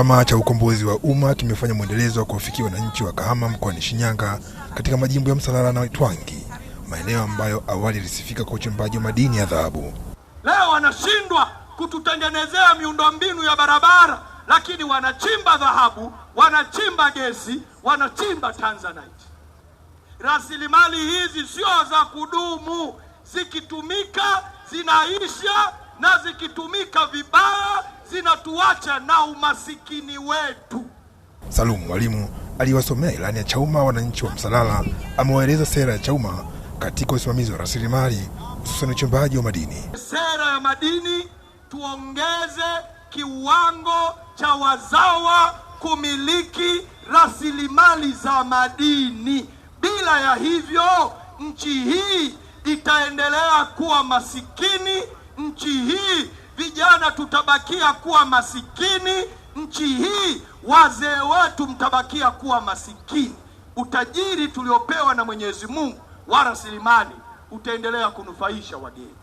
Chama cha Ukombozi wa Umma kimefanya mwendelezo wa kuwafikia wananchi wa Kahama mkoani Shinyanga katika majimbo ya Msalala na Twangi, maeneo ambayo awali yalisifika kwa uchimbaji wa madini ya dhahabu. Leo wanashindwa kututengenezea miundombinu ya barabara, lakini wanachimba dhahabu, wanachimba gesi, wanachimba Tanzanite. Rasilimali hizi sio za kudumu, zikitumika zinaisha na zikitumika vibaya zina kutuacha na umasikini wetu. Salum Mwalimu aliwasomea ilani ya Chauma wananchi wa Msalala, amewaeleza sera ya Chauma katika usimamizi wa rasilimali hususan uchimbaji wa madini. Sera ya madini, tuongeze kiwango cha wazawa kumiliki rasilimali za madini. Bila ya hivyo, nchi hii itaendelea kuwa masikini. Nchi hii tena tutabakia kuwa masikini nchi hii, wazee wetu mtabakia kuwa masikini. Utajiri tuliopewa na Mwenyezi Mungu wa rasilimali utaendelea kunufaisha wageni,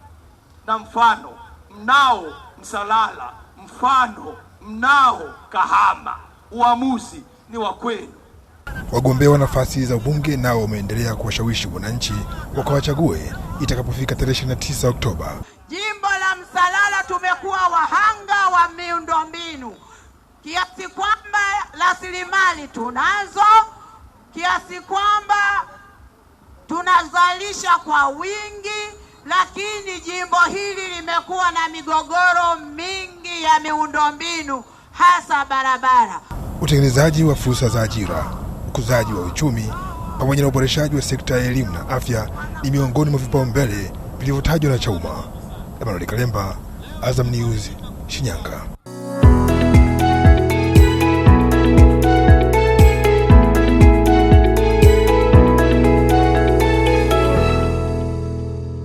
na mfano mnao Msalala, mfano mnao Kahama. Uamuzi ni wa kwenu. Wagombea wa nafasi za ubunge nao wameendelea kuwashawishi wananchi wakawachague itakapofika tarehe 29 Oktoba kuwa wahanga wa miundombinu kiasi kwamba rasilimali tunazo, kiasi kwamba tunazalisha kwa wingi, lakini jimbo hili limekuwa na migogoro mingi ya miundombinu hasa barabara. Utengenezaji wa fursa za ajira, ukuzaji wa uchumi pamoja na uboreshaji wa sekta ya elimu na afya ni miongoni mwa vipaumbele vilivyotajwa na Chauma. Emmanuel Kalemba Azam News, Shinyanga.